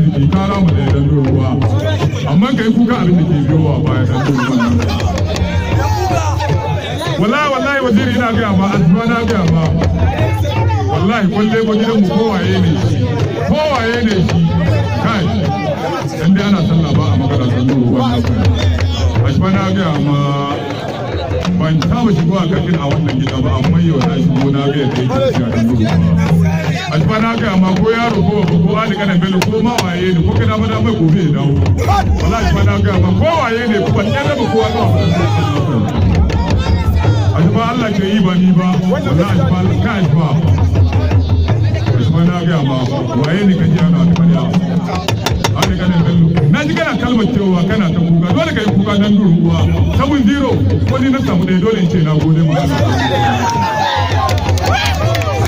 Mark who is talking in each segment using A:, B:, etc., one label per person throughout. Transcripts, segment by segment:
A: daji ne ka ruwa amma kuka abin da ke biyowa baya dan ruwa wallahi wallahi azuma na wallahi kwalle gidan mu kowaye ne shi kowaye ne shi kai dan dai ana sallah ba a magana dan ruwa ba azuma na gaya ma ban taba shigo a kafin a wannan gida ba amma yau na shigo na ga yadda yake shiga da gudu a shi na ga ma ko yaro ko babu ko ali kana bello ko ma waye ne ko kana ma da mai gobe ya dawo wala shi na ga ma ko waye ne ko ban yana ba kowa ba a shi Allah ke yi ba ni ba wala shi ba ka shi ba a shi na ga ma waye ne ka ji ana da Sani Ganin Bello na ji kana kalmar cewa kana ta kuka dole ka yi kuka dan duru uwa sabon zero ko ni na samu ɗaya dole in ce na gode ma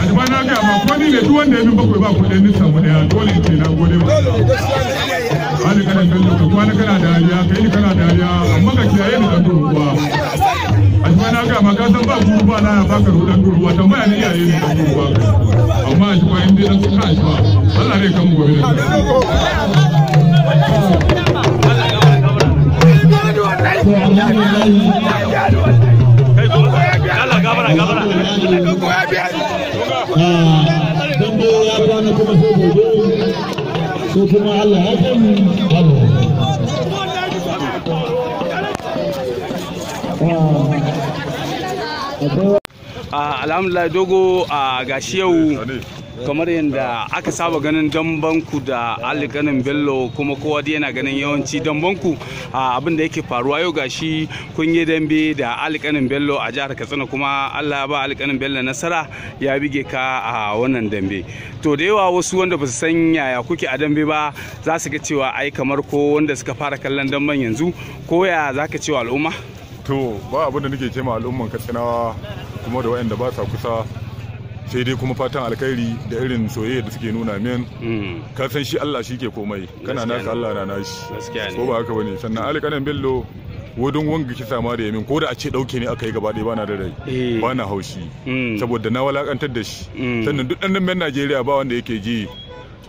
A: Ajiba na ga ma ko ni ne duk wanda ya min bakwai ba kuɗin ni samu ɗaya dole in ce na gode ma Sani Ganin Bello ka kwana kana dariya kai ni kana dariya amma ka kiyaye ni dan duru uwa a shi na gama ka san ba kuru ba laya ba ka rudan ruwa tambaya ne iyaye ne da kuru ba amma a shi ba inda suka a shi ba Allah ne kan gobe da ah, Dambo
B: alhamdulillah dogo a gashi yau kamar yadda aka saba ganin dambanku da alikanin bello kuma kowa da yana ganin yawanci dambanku a abinda yake faruwa yau gashi kun yi dambe da alikanin bello a jihar katsina kuma allah ba alikanin bello nasara ya bige ka a wannan dambe to da yawa wasu wanda ba su san yaya kuke a dambe ba za su ga cewa ai kamar ko wanda suka fara kallon damban yanzu ko ya za ka cewa
C: al'umma to ba abin da nake ce al'umman katsinawa kuma da wayanda ba sa kusa sai dai kuma fatan alkhairi da irin soyayya da suke nuna min hmm. ka san shi Allah shi ke komai kana ka Allah na nashi ko ba haka bane sannan alƙanan bello wadon wanga kisa ma da yamin ko da a ce dauke ne aka yi gaba ɗaya bana da rai eh. bana haushi hmm. saboda na walakantar da shi hmm. sannan duk ɗan nan Najeriya ba wanda yake ji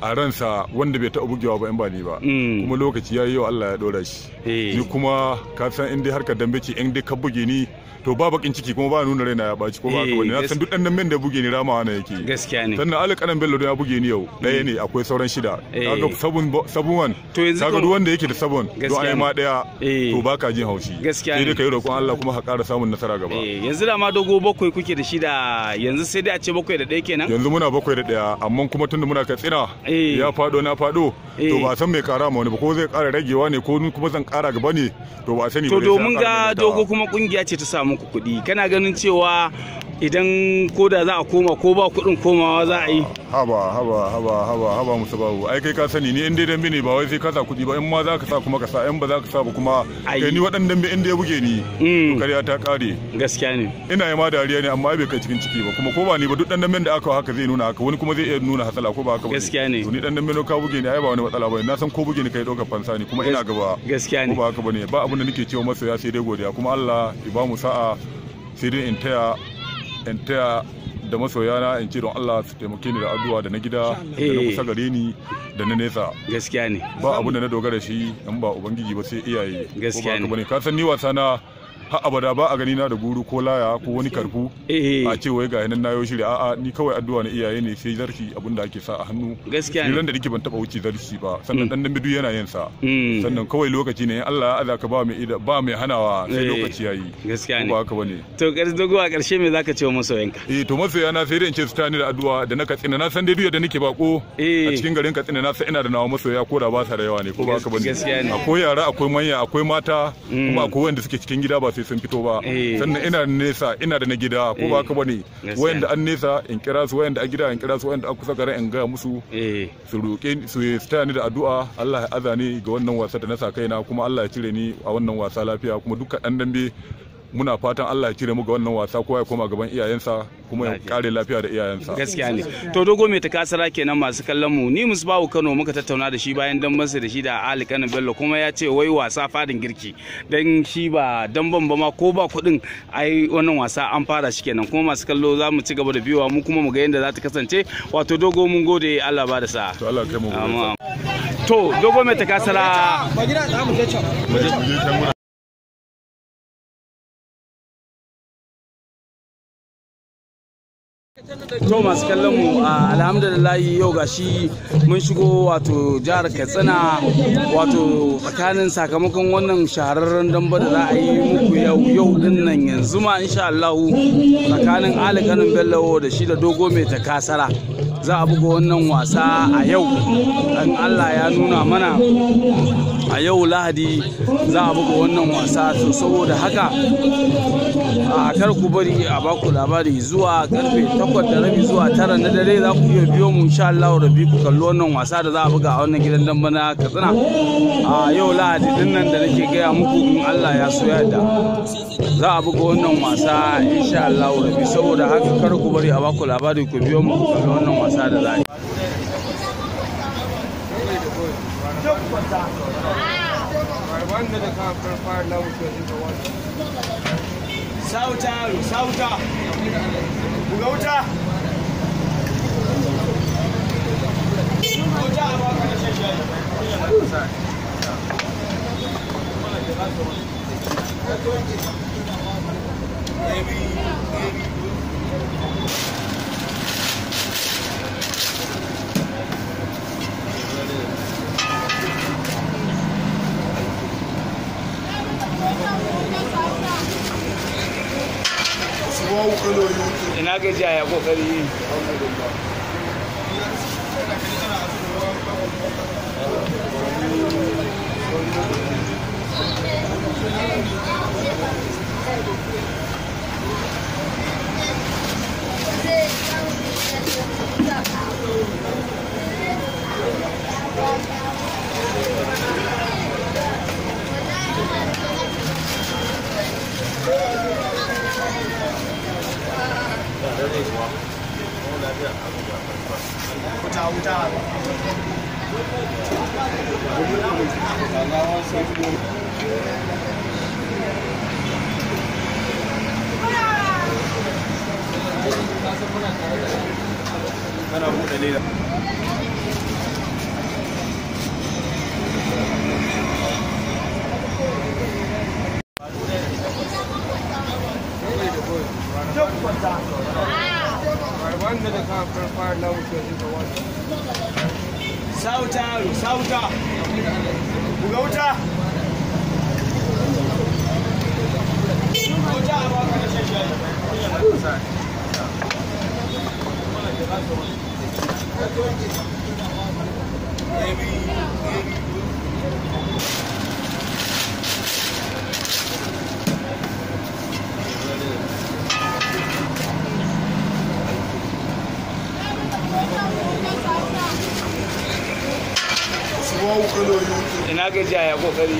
C: a ransa wanda bai taɓa bugewa ba in ba ni ba mm. kuma lokaci ya yi yau Allah ya ɗora shi ni kuma ka san in dai harkar dambe ce in dai ka buge ni to ba bakin ciki kuma ba nuna raina ya baci ko ba ka wani na san duk dan men da buge ni rama na yake gaskiya ne sannan Ali Kanan Bello ya buge ni yau mm. ɗaya ne akwai sauran shida kaga ga sabun wan kaga duk wanda yake da sabon don ai ma ɗaya to ba ka jin haushi gaskiya ne sai dai kai roƙon Allah kuma ka ƙara samun nasara gaba yanzu da ma dogo bakwai kuke da shida yanzu sai dai a ce bakwai da ɗaya kenan yanzu muna bakwai da ɗaya amma kuma tunda muna katsina Eh. ya fado na fado to eh. ba san mai kara ma wani ba ko zai kara ragewa ne ko kuma zan kara gaba ne to ba sani ba to domin ga dogo
B: kuma kungiya ce ta samu kuɗi kana ganin cewa idan ko da za a
C: koma ko ba kudin komawa za a yi haba haba haba haba haba musu babu ai kai ka sani ni inda dan dambe ba wai sai ka sa kudi ba in ma za ka sa kuma ka sa in ba za ka sa ba kuma kai eh, ni waɗannan dambe inda ya buge ni mm. to kariya ta kare. gaskiya ne ina yi ma dariya ne amma bai kai cikin ciki ba kuma ko ba ni ba duk dan damben da aka haka zai nuna haka wani kuma zai iya nuna hasala ko ba haka ba gaskiya ne to ni dan damben ka buge ni ai ba wani matsala ba na san ko buge ni kai ɗaukar fansa ne kuma ina gaba gaskiya ne ko ba haka ba ne ba abin da nake cewa masoya sai dai godiya kuma Allah ya ba mu sa'a sai dai in taya in taya da masoyana in ce don Allah su taimake ni da addu'a da na gida da na eh. kusa gare ni da na nesa gaskiya ne ba abin da na dogara shi in ba ubangiji ba sai iyaye gaskiya ne ka san ni wasa na abada ba a gani na da guru ko laya ko wani karfu eh. a ce wai ga nan nayo shirya a'a ni kawai addu'a na iyaye ne sai zarfi abin da ake sa a hannu gaskiya ne da nake ban taba wuce zarfi ba sannan dan mm. dan bidu yana yin sa mm. sannan kawai lokaci ne Allah ya azaka ba mai ba mai hanawa sai eh. lokaci yayi gaskiya ne ba haka bane to karshe dogo a karshe me zaka ce wa masoyanka eh to masoyana sai dai in ce su tani da addu'a da na katsina na san dai duk da nake bako eh. a cikin garin katsina na san ina da nawa masoya ko da ba sa da yawa ne ko ba haka bane akwai yara akwai manya akwai mata mm. kuma akwai wanda suke cikin gida ba ce sun fito ba eh. sannan ina da nesa ina da na gida ko ba eh. ka bane wayanda an nesa in kira su wayanda a gida in kira su wayanda a kusa garin in ga musu eh. su roƙe su taya ni da addu'a Allah ya azani ga wannan wasa da na sa kaina kuma Allah ya cire ni a wannan wasa lafiya kuma duka dan dambe muna fatan Allah ya cire mu ga wannan wasa kowa ya koma gaban iyayensa kuma ya kare lafiya da iyayensa gaskiya ne
B: to dogo mai ta kasara kenan masu kallon mu ni musbahu Kano muka tattauna da shi bayan dan masa da shi da Ali Kano Bello kuma ya ce wai wasa fadin girki dan shi ba dan ban ba ma ko ba kuɗin ai wannan wasa an fara shi kenan kuma masu kallo za mu ci gaba da biyowa mu kuma mu ga yadda za ta kasance wato dogo mun gode Allah ba da sa to Allah kai mu
A: to dogo mai ta kasara to masu kallon mu alhamdulillah yau gashi mun shigo wato
B: jihar katsina wato tsakanin sakamakon wannan shahararren damba da za a yi muku yau yau din nan yanzu ma insha allahu tsakanin alikanin bello da shi da dogo mai ta kasara za a buga wannan wasa a yau
A: dan Allah ya
B: nuna mana a yau lahadi za a buga wannan wasa to saboda haka a kar ku bari a baku labari zuwa karfe 8 da rabi zuwa tara na dare za ku iya biyo mu insha Allah rabi ku kalli wannan wasa da za a buga a wannan gidan dan na Katsina a yau Lahadi din nan da nake gaya muku in Allah ya so yadda za a buga wannan wasa insha Allah rabi saboda haka kar ku bari a baku labari ku biyo mu kallo kalli wannan wasa da za a yi sauta sauta buga wuta ina gajiya ya kokari
A: yi Thank you.
C: 오자 오자 하나 보내리라
B: buga wuta kake ya a ya kokari